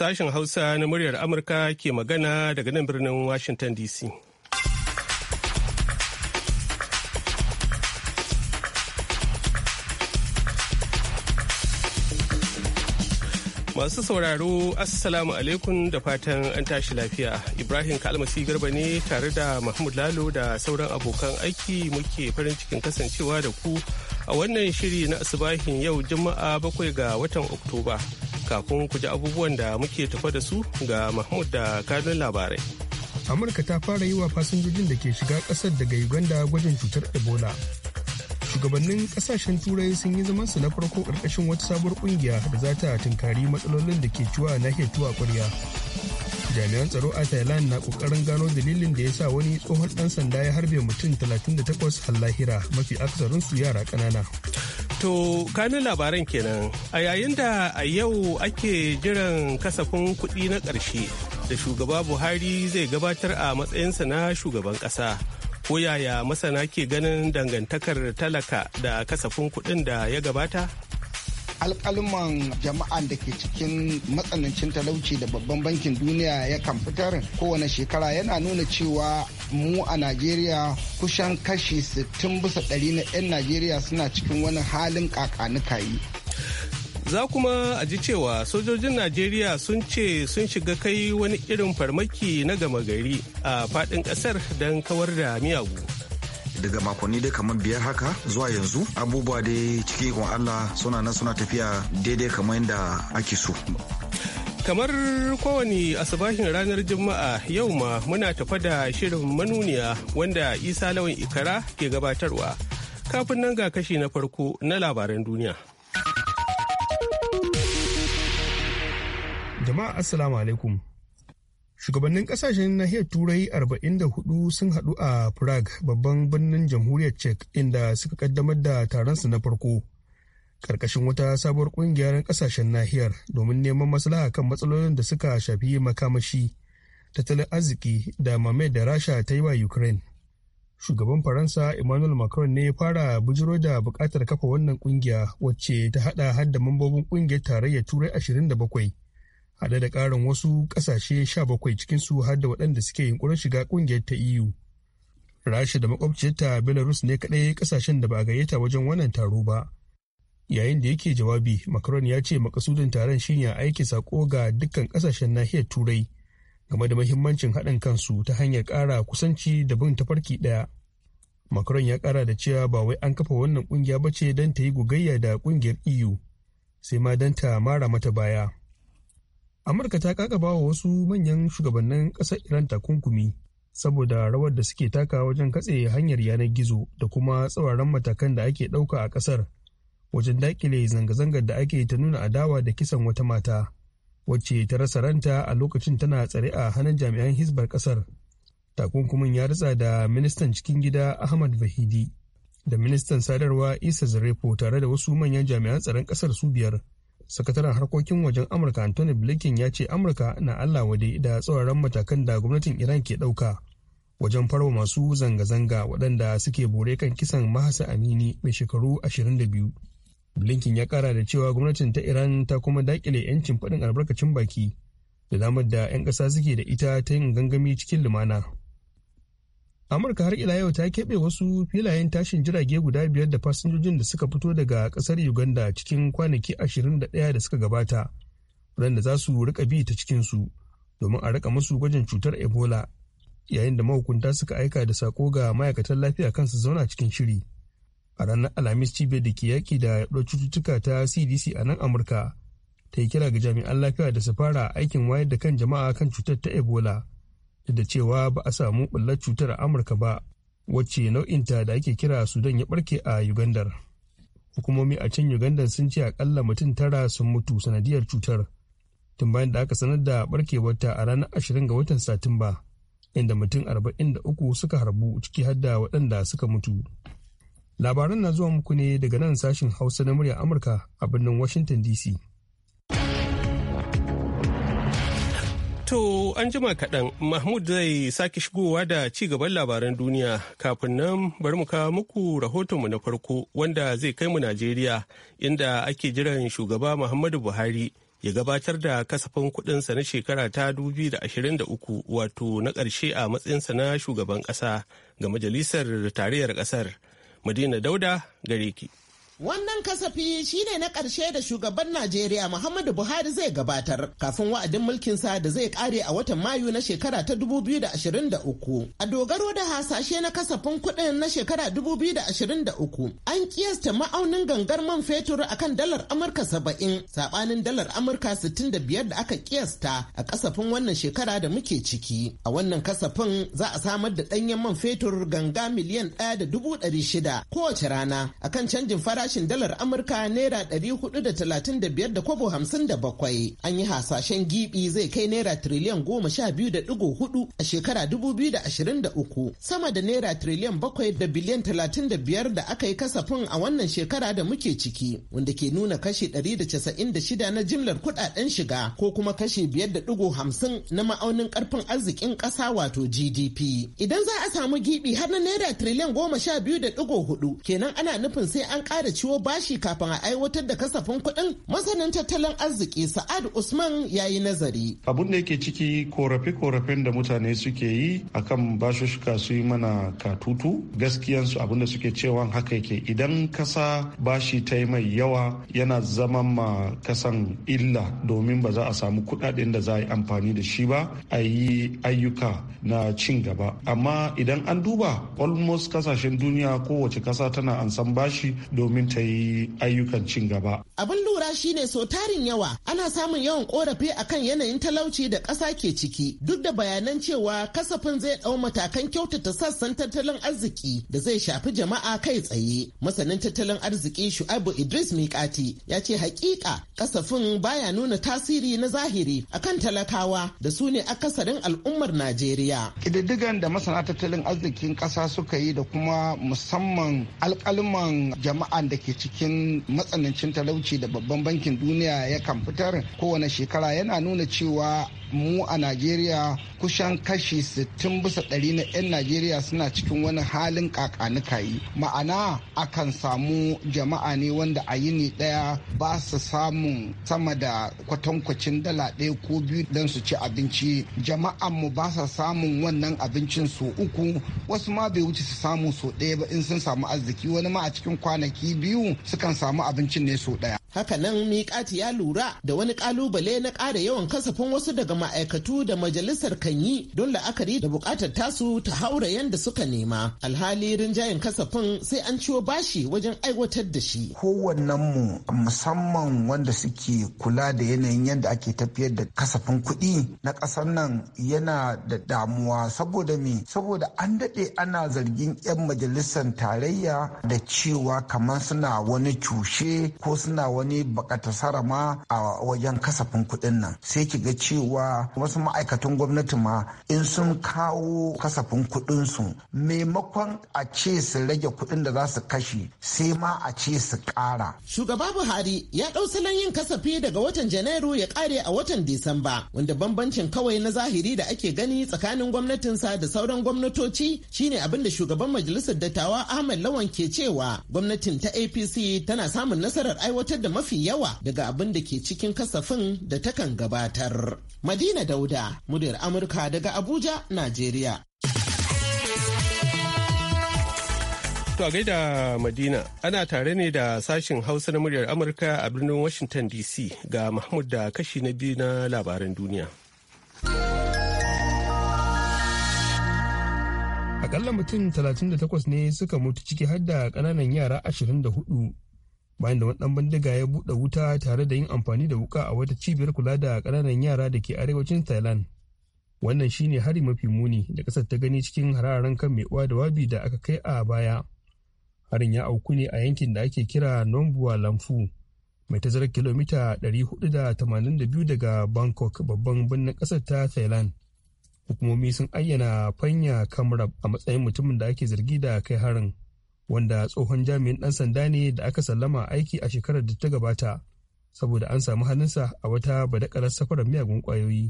Sashen Hausa na muryar Amurka ke magana daga nan birnin Washington DC. Masu sauraro, Assalamu alaikum da fatan an tashi lafiya. Ibrahim Kalmasi Garba ne tare da Mahmud Lalo da sauran abokan aiki muke farin cikin kasancewa da ku a wannan shiri na asibahin yau Juma'a bakwai ga watan Oktoba. kafin ku ji abubuwan da muke tafa da su ga Mahmud da kanun labarai. Amurka ta fara yi wa fasinjojin da ke shiga ƙasar daga Uganda gwajin cutar Ebola. Shugabannin ƙasashen Turai sun yi su na farko ƙarƙashin wata sabuwar ƙungiya da za ta tunkari matsalolin da ke ciwa na hetuwa ƙwarya. Jami'an tsaro a Thailand na ƙoƙarin gano dalilin da ya sa wani tsohon ɗan sanda ya harbe mutum 38 a lahira mafi su yara ƙanana. To kamin labaran kenan a yayin da a yau ake jiran kasafin kuɗi na ƙarshe da shugaba Buhari zai gabatar a matsayinsa na shugaban ƙasa. Ko yaya masana ke ganin dangantakar talaka da kasafin kuɗin da ya gabata? alkalman jama'a da ke cikin matsanancin talauci da babban bankin duniya ya kan fitar kowane shekara yana nuna cewa mu a najeriya kusan kashi 60 bisa ɗari na 'yan najeriya suna cikin wani halin yi. za kuma a ji cewa sojojin najeriya sun ce sun shiga kai wani irin farmaki na gama gari a faɗin ƙasar don kawar da miyagu daga makonni dai kamar biyar haka zuwa yanzu abubuwa dai cikin ikon Allah suna nan suna tafiya daidai kamar yadda ake so. Kamar kowane asabahin ranar Juma'a yau ma muna tafa da shirin manuniya wanda Isa Lawan Ikara ke gabatarwa. Kafin nan ga kashi na farko na labaran duniya. Jama'a Assalamu alaikum. Shugabannin kasashen nahiyar Turai 44 sun haɗu a Prague babban birnin jamhuriyar Czech inda suka kaddamar da taronsu na farko. Karkashin wata sabuwar ƙungiyar kasashen nahiyar domin neman maslaha kan matsalolin da suka shafi makamashi, tattalin arziki da mamai da Rasha ta yi wa Ukraine. Shugaban Faransa Emmanuel Macron ne ya fara bujiro da bukatar kafa wannan ƙungiya wacce ta haɗa hadda mambobin ƙungiyar tarayyar Turai 27. hade da ƙarin wasu ƙasashe 17 cikinsu har da waɗanda suke yunkurin shiga ƙungiyar ta EU. Rasha da makwabciyarta Belarus ne kaɗai ƙasashen da ba a gayyata wajen wannan taro ba. Yayin da yake jawabi, Macron ya ce makasudin taron shine ya aiki sako ga dukkan kasashen nahiyar Turai game da mahimmancin haɗin kansu ta hanyar ƙara kusanci da bin tafarki ɗaya. Macron ya ƙara da cewa ba wai an kafa wannan ƙungiya ba ce don ta yi gogayya da ƙungiyar EU, sai ma don ta mara mata baya. amurka ta kakaba wa wasu manyan shugabannin ƙasar iran takunkumi saboda rawar da suke taka wajen katse hanyar yanar gizo da kuma tsawaran matakan da ake ɗauka a ƙasar wajen daƙile zanga-zangar da ake ta nuna adawa da kisan wata mata wacce ta rasa ranta a lokacin tana tsare a hannun jami'an hisbar ƙasar takunkumin ya ritsa da ministan cikin gida ahmad vahidi da ministan sadarwa isa zarefo tare da wasu manyan jami'an tsaron ƙasar su biyar sakataren harkokin wajen amurka anthony blinken ya ce amurka na allah wade da tsauraran matakan da gwamnatin iran ke ɗauka wajen farwa masu zanga-zanga waɗanda suke bore kan kisan mahasa amini mai shekaru 22 blinken ya kara da cewa gwamnatin ta iran ta kuma dakile 'yancin faɗin albarkacin baki da damar da 'yan ƙasa suke da ita ta yin gangami cikin lumana amurka har ila yau ta keɓe wasu filayen tashin jirage guda biyar da fasinjojin da suka fito daga ƙasar uganda cikin kwanaki ashirin da ɗaya da suka gabata waɗanda za su rika bi ta cikinsu domin a rika musu gwajin cutar ebola yayin da mahukunta suka aika da sako ga ma'aikatan lafiya kansu zauna cikin shiri a ranar alhamis cibiyar da ke yaƙi da yaɗuwar cututtuka ta cdc a nan amurka ta yi kira ga jami'an lafiya da su fara aikin wayar da kan jama'a kan cutar ta ebola da cewa ba a samu ɓullar cutar a amurka ba wacce nau'inta da ake kira sudan ya barke a ugandar hukumomi a can uganda sun ce akalla mutum tara sun mutu sanadiyar cutar tun bayan da aka sanar da wata a ranar 20 ga watan satumba inda mutum arba'in da uku suka harbu ciki har da waɗanda suka mutu labaran na zuwa muku ne daga nan sashin hausa na murya amurka a birnin washington dc To an jima kaɗan Mahmud zai sake shigowa da ci gaban labaran duniya kafin nan bari mu kawo muku rahotonmu na farko wanda zai kai mu Najeriya inda ake jiran shugaba Muhammadu Buhari ya gabatar da kasafin kuɗinsa na shekara ta uku wato na ƙarshe a matsayinsa na shugaban ƙasa ga majalisar tarayyar ƙasar. Madina Dauda gare ki. Wannan kasafi shine na ƙarshe da shugaban Najeriya Muhammadu Buhari zai gabatar kafin wa'adin mulkinsa da zai ƙare a watan Mayu na shekara ta 2023. A dogaro da hasashe na kasafin kuɗin na shekara 2023, an kiyasta ma'aunin gangar man fetur akan dalar Amurka 70, saɓanin dalar Amurka 65 da aka kiyasta a kasafin wannan shekara da muke ciki. A wannan kasafin za a samar da ɗanyen man fetur ganga miliyan ɗaya da dubu ɗari shida kowace rana akan canjin farashi farashin dalar Amurka naira ɗari hudu da talatin da biyar da kwabo hamsin da bakwai. An yi hasashen gibi zai kai naira tiriliyan goma sha biyu da hudu a shekara dubu biyu da ashirin da uku. Sama da naira tiriliyan bakwai da biliyan talatin da biyar da aka yi kasafin a wannan shekara da muke ciki. Wanda ke nuna kashi 196 da casa'in da shida na jimlar kuɗaɗen shiga ko kuma kashi biyar da hamsin na ma'aunin ƙarfin arzikin ƙasa wato GDP. Idan za a samu gibi har na naira tiriliyan goma sha biyu da hudu kenan ana nufin sai an ƙara ciwo bashi kafin a aiwatar da kasafin kuɗin masanin tattalin arziki sa'ad usman ya yi nazari abun da yake ciki korafe-korafen da mutane suke yi akan bashushuka su yi mana katutu gaskiyansu abun da suke cewa haka yake idan kasa bashi ta yi mai yawa yana zama ma kasan illa domin ba za a samu kuɗaɗen da za a yi amfani da shi ba a yi ayyuka na cin gaba amma idan an duba almost kasashen duniya kowace kasa tana ansan bashi domin ta yi ayyukan cin gaba. Abin lura shine so tarin yawa ana samun yawan korafi akan yanayin talauci da ƙasa ke ciki duk da bayanan cewa kasafin zai ɗau matakan kyautata sassan tattalin arziki da zai shafi jama'a kai tsaye. Masanin tattalin arziki Shu'abu Idris Mikati ya ce hakika kasafin baya nuna tasiri na zahiri akan talakawa da su ne akasarin al'ummar Najeriya. Ƙididdigan da masana tattalin arzikin ƙasa suka yi da kuma musamman alƙalman jama'a da ke cikin matsanancin talauci da babban bankin duniya ya kan fitar kowane shekara yana nuna cewa mu a najeriya kusan kashi 60 bisa ɗari na 'yan najeriya suna cikin wani halin yi. ma'ana akan samu jama'a ne wanda a yini ɗaya ba su samun sama da kwatankwacin dala ɗaya ko biyu don su ci abinci jama'an mu ba sa samun wannan abincin so uku wasu ma bai wuce su samu so ɗaya ba in sun samu arziki wani ma a cikin kwanaki biyu sukan samu abincin ne so ɗaya Hakanan Mikati ya lura da wani kalubale na ƙara yawan kasafin wasu daga ma'aikatu da majalisar kan yi don la'akari da buƙatar tasu ta haura yadda suka nema. Alhali rinjayen kasafin sai an ciwo bashi wajen aiwatar da shi. Kowannen mu musamman wanda suke kula da yanayin yadda ake tafiyar da kasafin kuɗi na ƙasar nan yana da damuwa saboda me saboda an daɗe ana zargin 'yan majalisar tarayya da cewa kamar suna wani cushe ko suna wani bakata sarama a wajen kasafin kuɗin nan sai ki ga cewa wasu ma'aikatan gwamnati ma in sun kawo kasafin kuɗin su maimakon a ce su rage kuɗin da za su kashe sai ma a ce su ƙara. Shugaba Buhari ya ɗau salon yin kasafi daga watan Janairu ya kare a watan Disamba wanda bambancin kawai na zahiri da ake gani tsakanin gwamnatinsa da sauran gwamnatoci shine abin da shugaban majalisar dattawa Ahmed Lawan ke cewa gwamnatin ta APC tana samun nasarar aiwatar da mafi yawa daga abin da ke cikin kasafin da takan gabatar. Madina Dauda, muryar Amurka daga Abuja, Najeriya. To a gaida Madina, ana tare ne da sashin Hausa na muryar Amurka a birnin Washington DC ga Mahmud da kashi na biyu na labaran duniya. Akalla mutum 38 ne suka mutu ciki har da ƙananan yara 24 bayan da wani dan bindiga ya buɗe wuta tare da yin amfani da wuka a wata cibiyar kula da ƙananan yara da ke arewacin thailand wannan shine hari mafi muni da ƙasar ta gani cikin hararen kan mai uwa da wabi da aka kai a baya harin ya auku ne a yankin da ake kira nombuwa lamfu mai tazarar kilomita 482 daga bangkok babban birnin ƙasar ta thailand hukumomi sun ayyana fanya kamrab a matsayin mutumin da ake zargi da kai harin wanda tsohon jami'in ɗan sanda ne da aka sallama aiki a shekarar da ta gabata saboda an samu hannunsa a wata badakarar safarar miyagun kwayoyi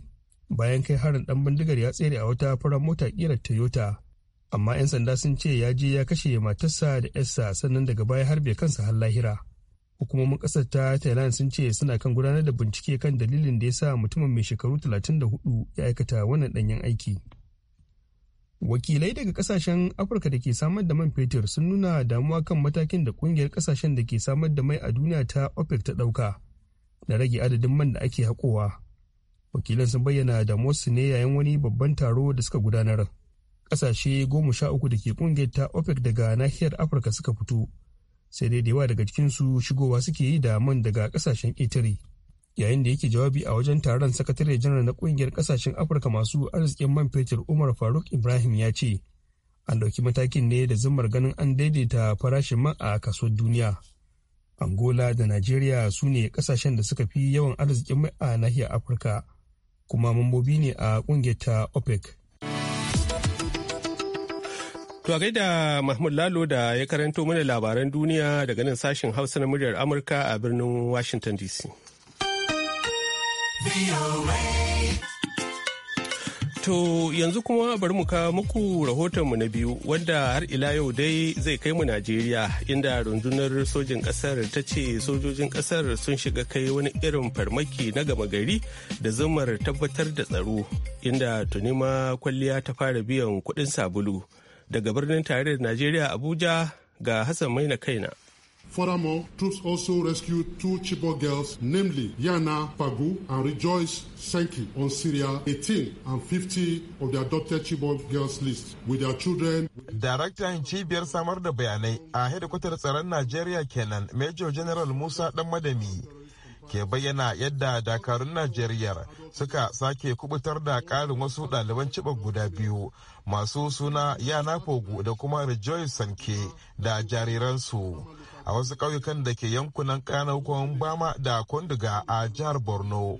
bayan kai harin ɗan bindigar ya tsere a wata farar mota ƙirar toyota amma 'yan sanda sun ce ya je ya kashe matarsa da 'yarsa sannan daga baya harbe kansa har lahira hukumomin ƙasar ta thailand sun ce suna kan gudanar da bincike kan dalilin da ya sa mutumin mai shekaru 34 ya aikata wannan ɗanyen aiki wakilai daga kasashen afirka da ke samar da man fetur sun nuna damuwa kan matakin da kungiyar kasashen da ke samar da mai a duniya ta opec ta dauka da rage adadin man da ake haƙowa wakilan sun bayyana damuwarsu ne yayin wani babban taro da suka gudanar kasashe goma sha uku da ke kungiyar ta opec daga nahiyar afirka suka fito sai dai da yawa daga cikinsu shigowa suke yi da man daga kasashen Itali. yayin da yake jawabi a wajen taron sakatare janar na kungiyar kasashen afirka masu arzikin man fetur umar faruk ibrahim ya ce an ɗauki matakin ne da zumar ganin an daidaita farashin man a kasuwar duniya angola da najeriya su ne kasashen da suka fi yawan arzikin mai a nahiyar afirka kuma mambobi ne a kungiyar ta opec To gaida Mahmud Lalo da ya karanto mana labaran duniya daga nan sashen Hausa na muryar Amurka a birnin Washington DC. To yanzu kuma bari mu kawo muku rahotonmu na biyu wanda har ila yau dai zai kai mu Najeriya inda rundunar sojin kasar ta ce sojojin kasar sun shiga kai wani irin farmaki na gama gari da zumar tabbatar da tsaro inda tuni ma kwalliya ta fara biyan kuɗin sabulu daga birnin tarayyar Najeriya Abuja ga Hassan Maina kaina. Furthermore, troops also rescued two Chibok girls, namely Yana Pagu and Rejoice Senki, on Syria 18 and 50 of the adopted Chibok girls list with their children. Daraktan cibiyar samar da bayanai a headquarter tsaron nigeria kenan, Major General Musa ɗan Madami. ke bayyana yadda dakarun Najeriya suka sake kubutar da ƙarin wasu ɗaliban ciba guda biyu masu suna yana fogu da kuma rejoice sanke da jariransu. a wasu ƙauyukan da ke yankunan ƙananan hukumar bama da kwandiga a jihar borno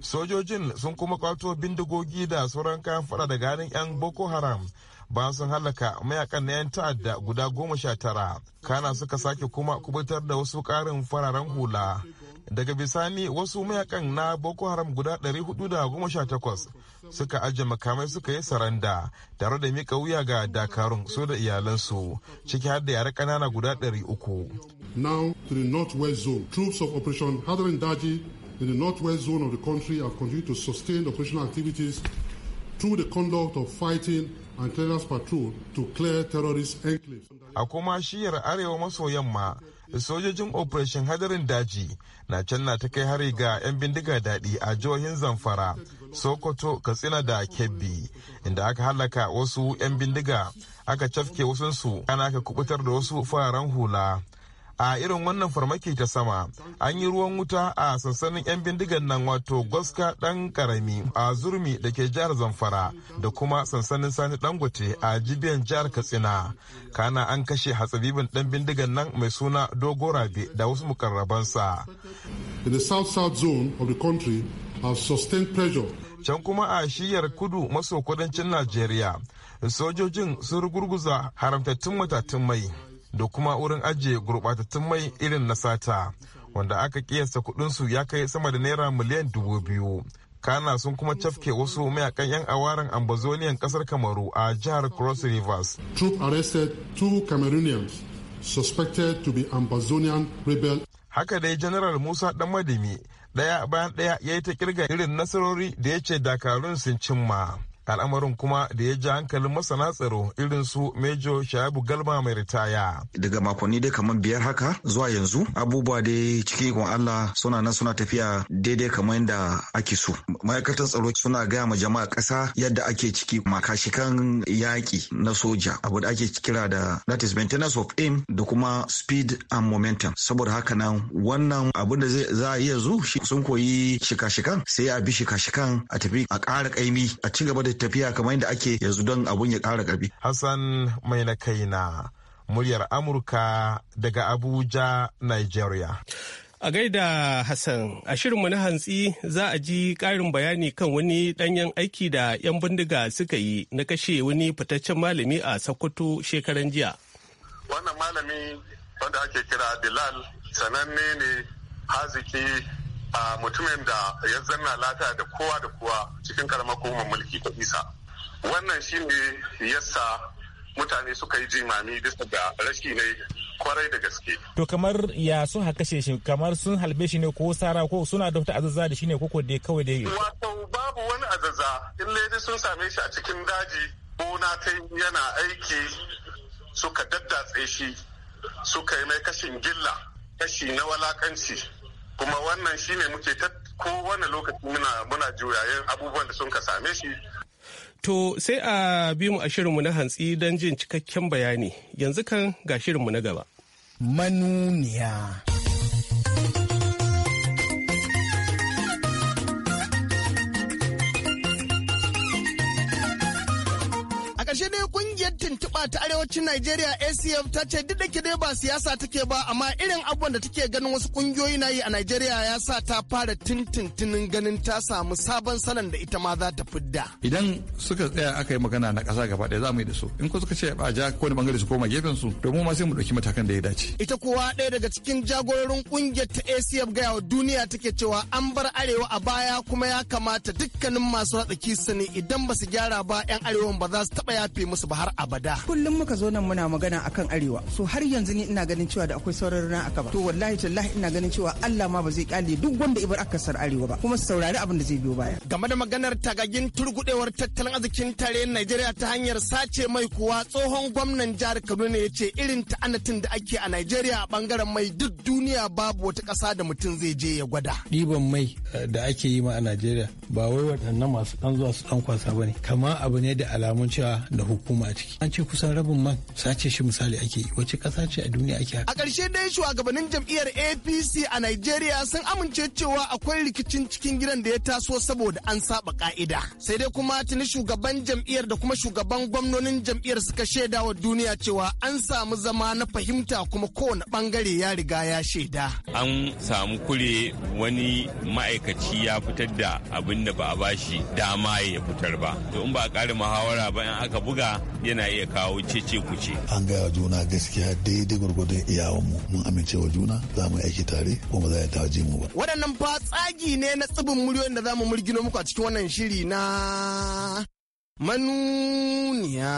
sojojin sun kuma kwato bindigogi da sauran kayan fada daga hannun 'yan boko haram ba sun halaka mayakan na 'yan ta'adda guda goma sha tara kana suka sake kuma kubutar da wasu ƙarin fararen hula daga bisani wasu mayakan na boko haram guda 418 suka ajiye makamai suka yi saranda tare da mika wuya ga dakarun su da iyalansu ciki har da yare kanana guda 300 now to the northwest zone troops of operation hadarin daji in the northwest zone of the country have continued to sustain operational activities through the conduct of fighting and clearance patrol to clear terrorist enclaves a kuma shiyar arewa maso yamma sojojin operation hadarin daji na can na ta kai hari ga 'yan bindiga daɗi a jihohin zamfara sokoto katsina da kebbi inda aka halaka wasu 'yan bindiga aka cafke wasunsu ana ka kubutar da wasu fararen hula a irin wannan farmaki ta sama an yi ruwan wuta a sansanin 'yan bindigan nan wato goska dan karami a zurmi da ke jihar zamfara da kuma sansanin sani dangote a jibiyan jihar katsina kana an kashe hatsabibin dan bindigan nan mai suna dogo rabe da wasu mukarrabansa in the south south zone of the country have sustained pressure can kuma a shiyar kudu maso kudancin najeriya sojojin sun rugurguza haramtattun matatun mai da kuma wurin ajiye gurɓatattun mai irin na sata wanda aka kiyasta kuɗinsu ya kai sama da naira miliyan dubu biyu kana sun kuma cafke wasu mayakan 'yan awaran ambazoniyan kasar kamaru a jihar cross rivers troop arrested two cameroonians suspected to be ambazonian rebel haka dai general musa dan madimi daya bayan daya ya yi ta kirga irin nasarori da ya ce dakarun sun cimma al'amarin kuma da ya ja hankalin masana tsaro irin su mejo shayabu galma mai ritaya daga makonni dai kamar biyar haka zuwa yanzu abubuwa da cikin ikon allah suna nan suna tafiya daidai kamar yadda ake so ma'aikatan tsaro suna gaya ma jama'a ƙasa yadda ake ciki makashikan yaƙi na soja abu da ake kira da that is maintenance of aim da kuma speed and momentum saboda haka nan wannan abin da za a iya zu sun koyi shika-shikan sai a bi shika-shikan a tafi a ƙara ƙaimi a ci gaba da tafiya kamar yadda ake yanzu don abun ya kara ƙarfi. Hassan mai na kaina muryar Amurka daga Abuja, Nigeria. A gaida Hassan, a shirinmu na hantsi za a ji ƙarin bayani kan wani ɗanyen aiki da 'yan bindiga suka yi na kashe wani fitaccen malami a Sokoto shekaran jiya. Wannan malami wanda ake kira dilal sananne ne haziki A mutumin da ya zanna lata da kowa da kowa cikin karamar kuma mulki ta isa wannan shi ne yasa mutane suka yi jimami bisa da rashi ne kwarai da gaske. To kamar ya sun haka shi kamar sun halbe shi ne ko sara ko suna da wata azaza da shi ne koko da kawai yi Wato babu wani azaza in dai sun same shi a cikin daji gona ta yana aiki suka daddatse shi suka yi mai kashin gilla kashi na walakanci kuma wannan shi ne muke ta kowane lokaci muna muna juyayen abubuwan da sun ka same shi to sai a bi mu a shirinmu na hantsi don jin cikakken bayani yanzu kan ga shirinmu na gaba manuniya ƙarshe dai kungiyar tuntuɓa ta arewacin Najeriya ACF ta ce duk da ke dai ba siyasa take ba amma irin abubuwan da take ganin wasu kungiyoyi na yi a Najeriya ya sa ta fara tintintinin ganin ta samu sabon salon da ita ma za ta fidda. Idan suka tsaya aka yi magana na ƙasa gaba ɗaya za mu yi da su in ko suka ce ba ja ko wani bangare su koma gefen su to mu ma sai mu ɗauki matakan da ya dace. Ita kuwa ɗaya daga cikin jagororin kungiyar ta ACF gaya wa duniya take cewa an bar arewa a baya kuma ya kamata dukkanin masu hatsaki su ne idan ba su gyara ba 'yan arewa ba za su taɓa yafe musu ba har abada kullum muka zo nan muna magana akan arewa so har yanzu ni ina ganin cewa da akwai sauran rana aka ba to wallahi tallahi ina ganin cewa Allah ma ba zai kyale duk wanda ibar sar arewa ba kuma su saurari abin da zai biyo baya game da maganar tagagin turgudewar tattalin arzikin tare Najeriya ta hanyar sace mai kuwa tsohon gwamnan jihar Kaduna ya ce irin ta'anatin da ake a Najeriya a bangaren mai duk duniya babu wata kasa da mutum zai je ya gwada ɗiban mai eh, da ake yi ma a Najeriya ba wai waɗannan masu ɗan zuwa su ɗan kwasa bane kamar abu ne da alamun cewa da hukuma a ciki an ce kusan rabin man sace shi misali ake yi wace kasa ce a duniya ake a ƙarshe dai shugabannin jam'iyyar apc a nigeria sun amince cewa akwai rikicin cikin gidan da ya taso saboda an saba ka'ida sai dai kuma tuni shugaban jam'iyyar da kuma shugaban gwamnonin jam'iyyar suka shaida wa duniya cewa an samu zama na fahimta kuma kowane bangare ya riga ya shaida an samu kure wani ma'aikaci ya fitar da abin da ba a bashi dama ya fitar ba to in ba a ƙara muhawara ba in aka aka buga yana iya kawo cece kuce an gaya juna gaskiya daidai iyawan mu mun amincewa juna za mu aiki tare kuma za a taje mu ba waɗannan fa ne na tsibin muryoyin da za mu murgino muku a cikin wannan shiri na manuniya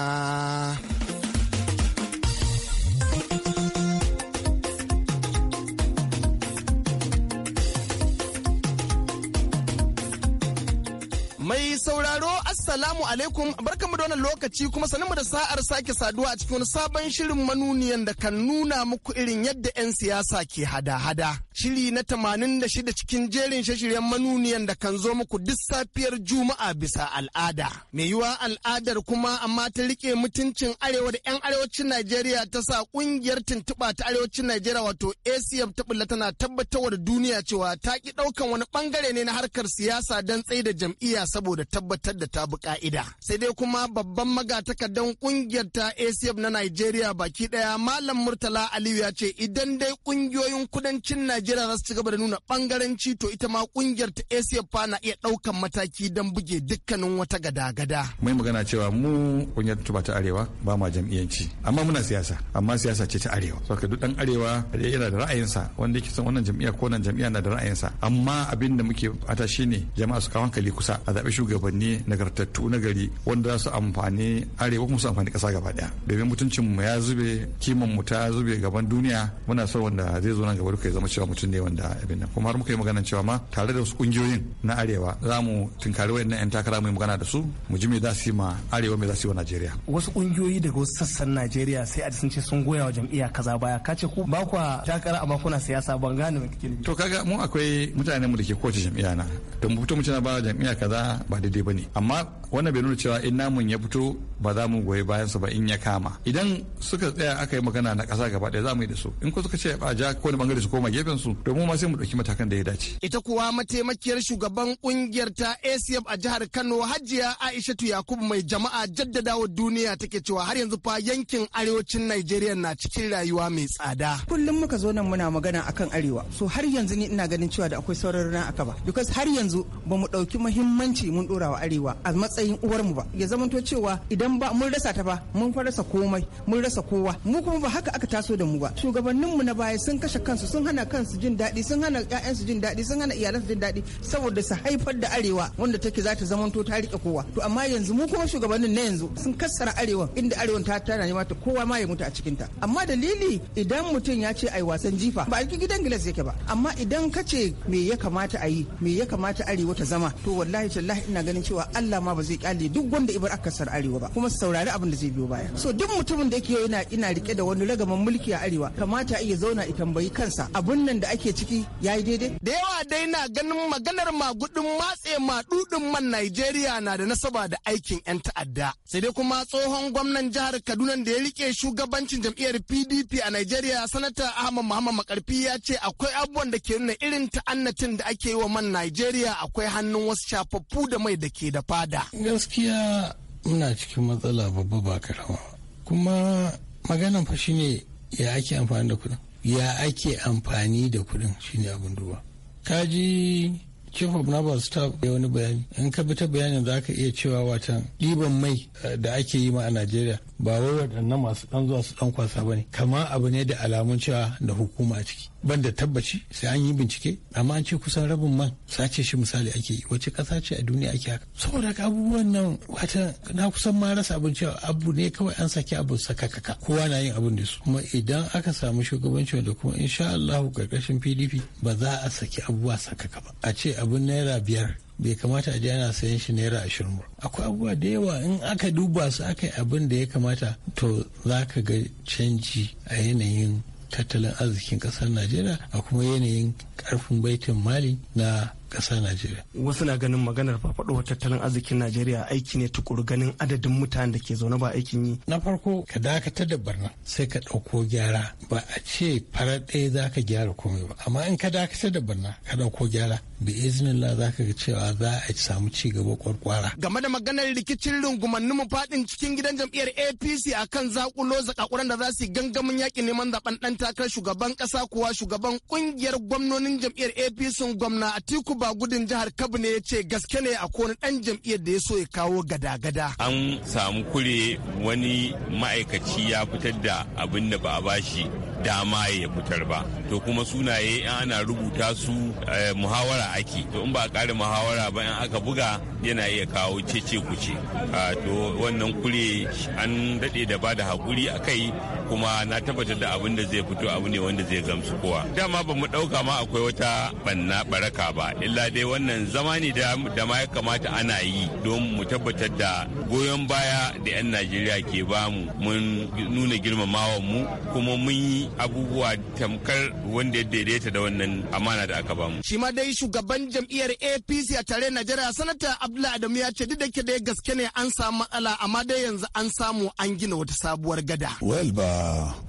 mai sau sauraro Assalamu alaikum barkamu da wannan lokaci kuma sanin da sa'ar sake saduwa a cikin wani sabon shirin manuniyan da kan nuna muku irin yadda 'yan siyasa ke hada-hada. Shiri na tamanin da shida cikin jerin shashiryan manuniyan da kan zo muku duk safiyar Juma'a bisa al'ada. Mai yiwa al'adar kuma amma ta rike mutuncin arewa da 'yan arewacin Najeriya ta sa kungiyar tuntuɓa ta arewacin Najeriya wato ACF ta bulla tana tabbatar da duniya cewa ta ki ɗaukan wani bangare ne na harkar siyasa don tsaye da jam'iyya saboda tabbatar tabbatar da ta bi ka'ida. Sai dai kuma babban magatakardan kungiyar ta ACF na Najeriya baki daya Malam Murtala Aliyu ya ce idan dai kungiyoyin kudancin Najeriya za su ci gaba da nuna bangaranci to ita ma kungiyar ta ACF fa na iya daukan mataki don buge dukkanin wata gada-gada. Mai magana cewa mu kungiyar tuba ta arewa ba ma jam'iyyanci amma muna siyasa amma siyasa ce ta arewa. Saka duk dan arewa yana da ra'ayinsa wanda yake son wannan jam'iyya ko wannan jam'iyya na da ra'ayinsa amma abin da muke ata shine jama'a su kawo hankali kusa a zaɓi shugabanni ne nagartattu na gari wanda za su amfani arewa kuma su amfani kasa gaba daya domin mutuncin mu ya zube kiman mu ta zube gaban duniya muna so wanda zai zo nan gaba duka ya zama cewa mutum ne wanda abin nan kuma har muka yi magana cewa ma tare da wasu kungiyoyin na arewa za mu tunkari wayannan yan takara mu yi magana da su mu ji me za su yi ma arewa me za su yi wa Najeriya wasu kungiyoyi daga wasu sassan Najeriya sai a sun ce sun goya wa jam'iyya kaza baya ka ce ku ba kwa takara amma kuna siyasa ban gane me kike to kaga mu akwai mutanen mu da ke kowace jam'iyya na to mu fito mu ce na ba jam'iyya kaza ba daidai bane ne amma wannan bai nuna cewa in namun ya fito ba za mu goyi bayan su ba in ya kama idan suka tsaya aka yi magana na kasa gaba ɗaya za mu yi da su in ko suka ce ba ja ko bangare su koma gefen su to mu ma sai mu ɗauki matakan da ya dace ita kuwa mataimakiyar shugaban kungiyar ta ACF a jihar Kano Hajiya Aishatu Yakubu mai jama'a jaddadawa duniya take cewa har yanzu fa yankin arewacin Najeriya na cikin rayuwa mai tsada kullum muka zo nan muna magana akan arewa so har yanzu ni ina ganin cewa da akwai sauran aka ba because har yanzu ba mu ɗauki muhimmanci mun ɗora wa arewa a matsayin matsayin mu ba ya zamanto cewa idan ba mun rasa ta ba mun fa rasa komai mun rasa kowa mu kuma ba haka aka taso da mu ba shugabannin mu na baya sun kashe kansu sun hana kansu jin daɗi sun hana su jin daɗi sun hana iyalansu jin daɗi saboda su haifar da arewa wanda take za ta zamanto ta rike kowa to amma yanzu mu kuma shugabannin na yanzu sun kassara arewa inda arewan ta tana ne mata kowa ma ya mutu a cikinta amma dalili idan mutum ya ce ai wasan jifa ba a gidan gilas yake ba amma idan ka ce me ya kamata a yi me ya kamata arewa ta zama to wallahi tallahi ina ganin cewa Allah ma ba zai kyale duk wanda ibar akasar arewa ba kuma saurari abin da zai biyo baya so duk mutumin da yake yana ina rike da wani ragaman mulki a arewa kamata iya zauna i tambayi kansa abun nan da ake ciki yayi daidai da yawa dai na ganin maganar magudin matse ma madudin man Najeriya na da nasaba da aikin yan ta'adda sai dai kuma tsohon gwamnan jihar Kaduna da ya rike shugabancin jam'iyyar PDP a Najeriya sanata Ahmad Muhammad Makarfi ya ce akwai abubuwan da ke nuna irin ta'annatin da ake yi wa man Najeriya akwai hannun wasu shafaffu da mai da ke da fada gaskiya muna cikin matsala babba ba karama kuma maganan fa shine ya ake amfani da kudin ya ake amfani da kudin shine abin duba kaji chief of naval staff ya wani bayani in ka bi ta bayanin za ka iya cewa watan ɗiban mai eh, da ake yi ma a najeriya ba wai waɗannan masu ɗan zuwa su ɗan kwasa ba ne kama abu ne da alamun cewa da hukuma a ciki ban da tabbaci sai an yi bincike amma an ce kusan rabin man sace shi misali ake yi wace ƙasa ce a duniya ake haka saboda ka abubuwan nan wata na kusan ma rasa abin cewa abu ne kawai an saki abu sakakaka kowa na yin abin da su kuma idan aka samu shugabanci da kuma insha Allah karkashin PDP ba za a saki abubuwa sakaka ba a ce abun naira biyar bai kamata a je ana sayan shi naira ashirin ba akwai abubuwa da yawa in aka duba su aka yi abin da ya kamata to za ka ga canji a yanayin tattalin arzikin kasar najeriya a kuma yanayin karfin baitin mali na ƙasa Najeriya. Wasu na ganin maganar farfaɗowar tattalin arzikin Najeriya aiki ne tukuru ganin adadin mutanen da ke zaune ba aikin yi. Na farko ka dakatar da barna sai ka ɗauko gyara ba a ce farar ɗaya za ka gyara komai ba amma in ka dakatar da barna ka ɗauko gyara bi iznillah za ka ga cewa za a samu ci gaba kwarkwara. Game da maganar rikicin rungumannin mu faɗin cikin gidan jam'iyyar APC a kan zakulo zakakuran da za su yi gangamin yakin neman zaɓen ɗan takarar shugaban ƙasa kuwa shugaban ƙungiyar gwamnonin jam'iyyar APC gwamna Atiku ba gudun jihar Kabu ne ya ce gaske ne a kowane ɗan jam'iyyar da ya so ya kawo gada-gada. An samu kure wani ma'aikaci ya fitar da abin da ba a bashi dama ya fitar ba to kuma sunaye in ana rubuta su eh, muhawara ake to in ba kare muhawara ba in aka buga yana iya kawo cece kuce ah, to wannan kure an daɗe da ba da haƙuri a kai kuma na tabbatar da abin da zai fito abu ne wanda zai gamsu kowa dama ba mu ɗauka ma akwai wata banna baraka ba illa dai wannan zama ne da ma ya kamata ana yi don mu tabbatar da goyon baya da 'yan najeriya ke bamu mun nuna girmamawa mu kuma mun yi abubuwa tamkar wanda ya daidaita da wannan amana da aka bamu. Shi ma dai shugaban jam'iyyar APC a tare Najeriya sanata Abdullahi Adamu ya ce duk da gaske ne an samu matsala amma dai yanzu an samu an gina wata sabuwar gada. Well ba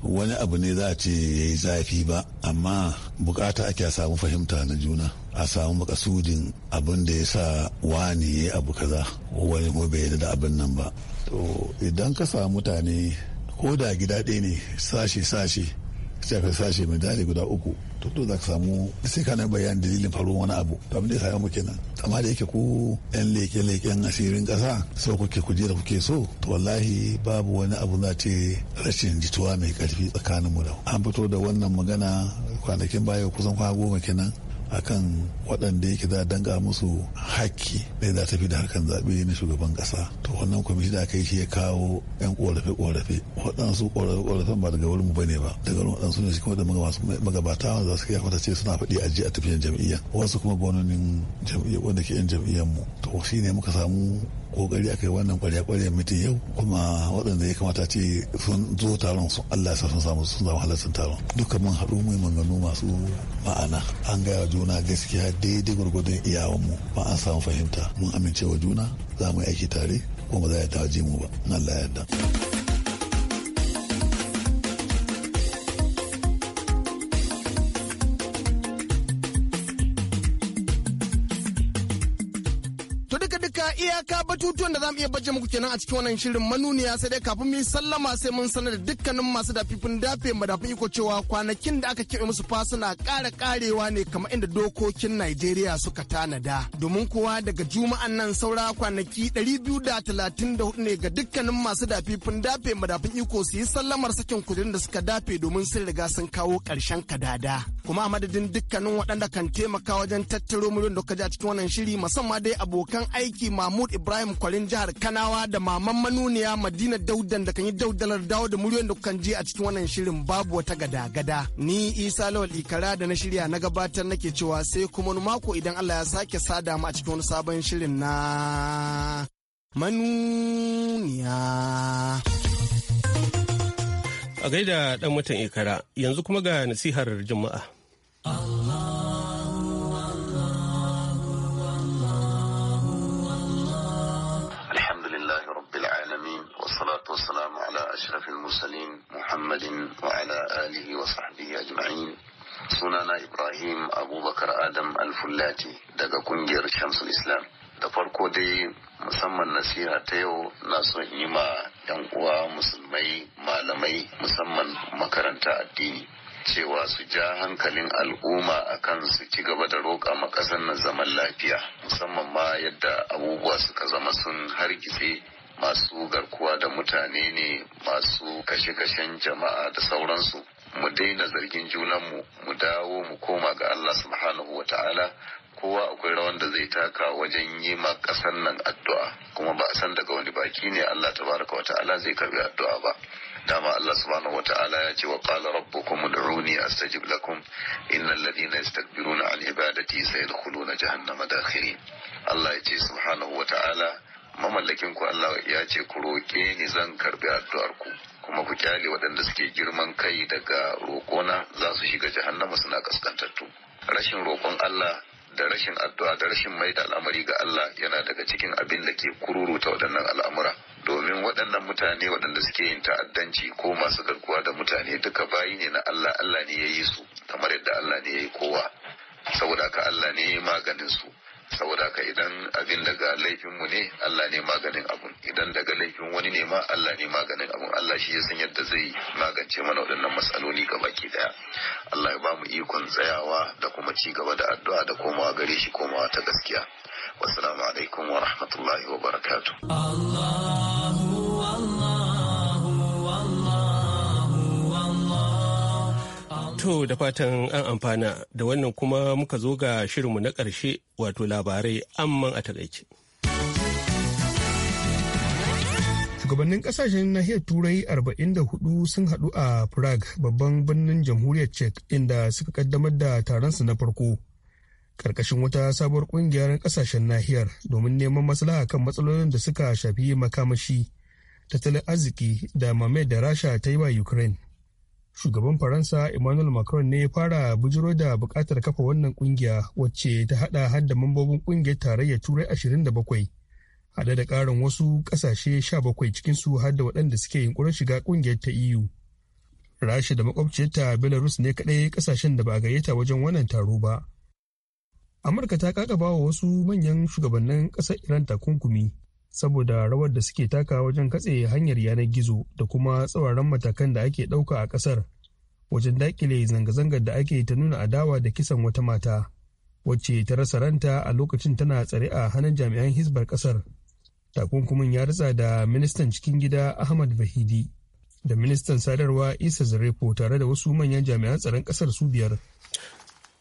wani abu ne za a ce ya yi zafi ba amma bukata ake samu fahimta na juna. a samu makasudin abin da ya sa wani ya abu kaza wani kuma bai yadda da abin nan ba to idan ka samu mutane ko da gida ɗaya ne sashe sashe sai ka sashe medali guda uku to to za ka samu sai ka na bayan dalilin faruwar wani abu to abin da ya samu kenan amma da yake ku yan leke-leken asirin ƙasa. sau kuke kuje da kuke so to wallahi babu wani abu na ce rashin jituwa mai ƙarfi tsakanin mu da an fito da wannan magana kwanakin baya kusan kwana goma kenan akan waɗanda yake za a danga musu haƙƙi da za tafi da harkan zaɓe na shugaban ƙasa to wannan kwamishin da aka yi shi ya kawo 'yan ƙorafe ƙorafe waɗansu ƙorafe ƙorafen ba daga wurin mu ne ba daga wurin waɗansu ne kuma da magabata wanda za su kai kwata ce suna faɗi a ji a tafiyan jam'iyya wasu kuma gwanonin jam'iyyar wanda ke 'yan jam'iyyar mu to shi ne muka samu kokari aka yi wannan kwarya kwarya mutum yau kuma waɗanda ya kamata ce sun zo taron sun Allah sa sun samu sun zama halartar taron duka mun haɗu mu manganu masu ma'ana an gaya juna gaskiya daidai gwargwadon iyawan mu ba an samu fahimta mun amincewa juna za mu yi aiki tare kuma za a taje mu ba Allah ya yarda. haka iyaka batutuwan da za mu iya baje muku kenan a cikin wannan shirin manuniya sai dai kafin mu sallama sai mun sanar da dukkanin masu dafifin dafe dafin iko cewa kwanakin da aka kebe musu fasuna ƙara ƙarewa ne kamar inda dokokin Najeriya suka tanada. Domin kuwa daga juma'an nan saura kwanaki 234 ne ga dukkanin masu dafifin dafe dafin iko su yi sallamar sakin kudin da suka dafe domin sun riga sun kawo karshen kadada. Kuma a madadin dukkanin waɗanda kan taimaka wajen tattaro miliyan da kaji a cikin wannan shiri musamman dai abokan aiki mahmud ibrahim kwarin jihar kanawa da maman manuniya madina daudan da kan yi daudalar dawo da muryoyin da kukan je a cikin wannan shirin babu wata gada-gada ni isa lawal ikara da na shirya na gabatar nake cewa sai kuma mako idan allah ya sake sada mu a cikin wani sabon shirin na manuniya a gaida dan watan ikara yanzu kuma ga nasihar juma'a المرسلين محمد وعلى آله وصحبه أجمعين sunana ibrahim abubakar adam alfullati daga ƙungiyar shamsul islam da farko dai musamman nasiha ta yau na son yi ma yan uwa musulmai malamai musamman makaranta addini cewa su ja hankalin al'umma akan su ci gaba da roƙa ma ƙasar na zaman lafiya musamman ma yadda abubuwa suka zama sun hargitse masu garkuwa da mutane ne masu kashe-kashen jama'a da sauransu mu daina zargin junanmu mu dawo mu koma ga Allah subhanahu wa ta'ala kowa akwai rawan da zai taka wajen yi ma ƙasar nan addu'a kuma ba a san daga wani baki ne Allah tabaraka wa ta'ala zai karbi addu'a ba dama Allah subhanahu wa ta'ala ya ce wa qala rabbukum ud'uni astajib lakum innal ladina yastakbiruna an ibadati sayadkhuluna jahannama dakhirin Allah ya ce subhanahu wa ta'ala mamallakin ku Allah ya ce ku roƙe ni zan karbi addu'ar ku kuma ku kyale waɗanda suke girman kai daga roƙona za su shiga jahannama suna kaskantattu rashin roƙon Allah da rashin addu'a da rashin mai da al'amari ga Allah yana daga cikin abin da ke kururuta waɗannan al'amura domin waɗannan mutane waɗanda suke yin ta'addanci ko masu garkuwa da mutane duka bayi ne na Allah Allah ne ya yi su kamar yadda Allah ne ya yi kowa saboda ka Allah ne ya yi maganin su saboda ka idan abin daga laifin mu ne Allah ne maganin abun idan daga laifin wani ne ma Allah ne maganin abun Allah shi ya san yadda zai magance mana waɗannan matsaloli ga baki daya Allah ya ba mu ikon tsayawa da kuma ci gaba da addu'a da komawa gare shi komawa ta gaskiya wassalamu alaikum wa rahmatullahi wa barakatuh Allah To da fatan an amfana da wannan kuma muka zo ga shirinmu na ƙarshe wato labarai amman a takaice. Shugabannin ƙasashen nahiyar Turai 44 sun haɗu a Prague babban birnin jamhuriyar Czech inda suka kaddamar da taronsu na farko. ƙarƙashin wata sabuwar ƙungiyar ƙasashen nahiyar domin neman maslaha kan matsalolin da suka shafi makamashi, tattalin arziki da mame da Rasha ta yi wa Ukraine. shugaban faransa emmanuel macron ne ya fara bujiro da bukatar kafa wannan kungiya wacce ta hada da mambobin kungiyar tarayyar turai ashirin da bakwai hada da karin wasu kasashe cikin cikinsu har da waɗanda suke yunkurin shiga kungiyar ta eu rasha da makwabciyarta belarus ne kaɗai kasashen da ba a gayyata wajen wannan taro ba amurka ta kakaba wa wasu manyan shugabannin ƙasar iran takunkumi saboda rawar da suke taka wajen katse hanyar yanar gizo da kuma tsauraran matakan da ake ɗauka a ƙasar wajen daƙile zanga-zangar da ake ta nuna adawa da kisan wata mata wacce ta rasa ranta a lokacin tana tsare a hannun jami'an hisbar ƙasar takunkumin ya ritsa da ministan cikin gida ahmad bahidi da ministan sadarwa isa zarepo tare da wasu manyan jami'an tsaron ƙasar su biyar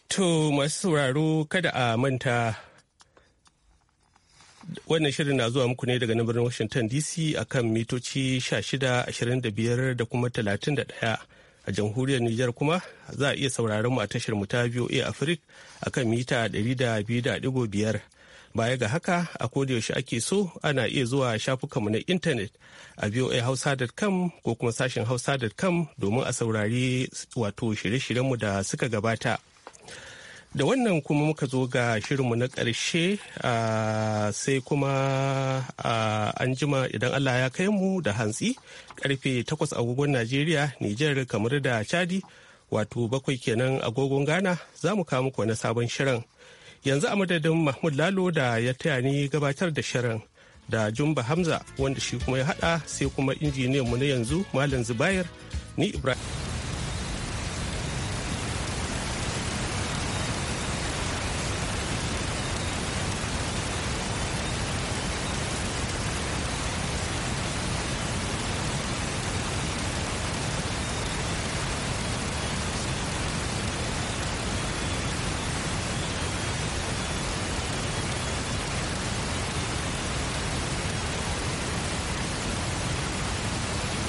to masu sauraro kada a manta Wannan shirin na zuwa muku ne daga nan birnin Washington DC a kan mitoci 1625 da kuma 31 a jamhuriyar Nijar kuma za a iya sauraron mu a tashar mu ta VOA Africa a kan mita 200.5. Baya ga haka a yaushe ake so ana iya zuwa shafukanmu na intanet a voahausa.com ko kuma sashen hausa.com domin a saurari wato shirye-shiryenmu da suka gabata. da wannan kuma muka zo ga shirinmu na ƙarshe sai kuma an jima idan allah ya kai mu da hantsi karfe 8 agogon najeriya nijar kamar da chadi wato bakwai kenan agogon ghana za mu kawo muku wani sabon shirin yanzu a madadin mahmud lalo da ya taya ni gabatar da shirin da jumba hamza wanda shi kuma ya haɗa sai kuma injiniyan mu na yanzu malam zubair ni ibrahim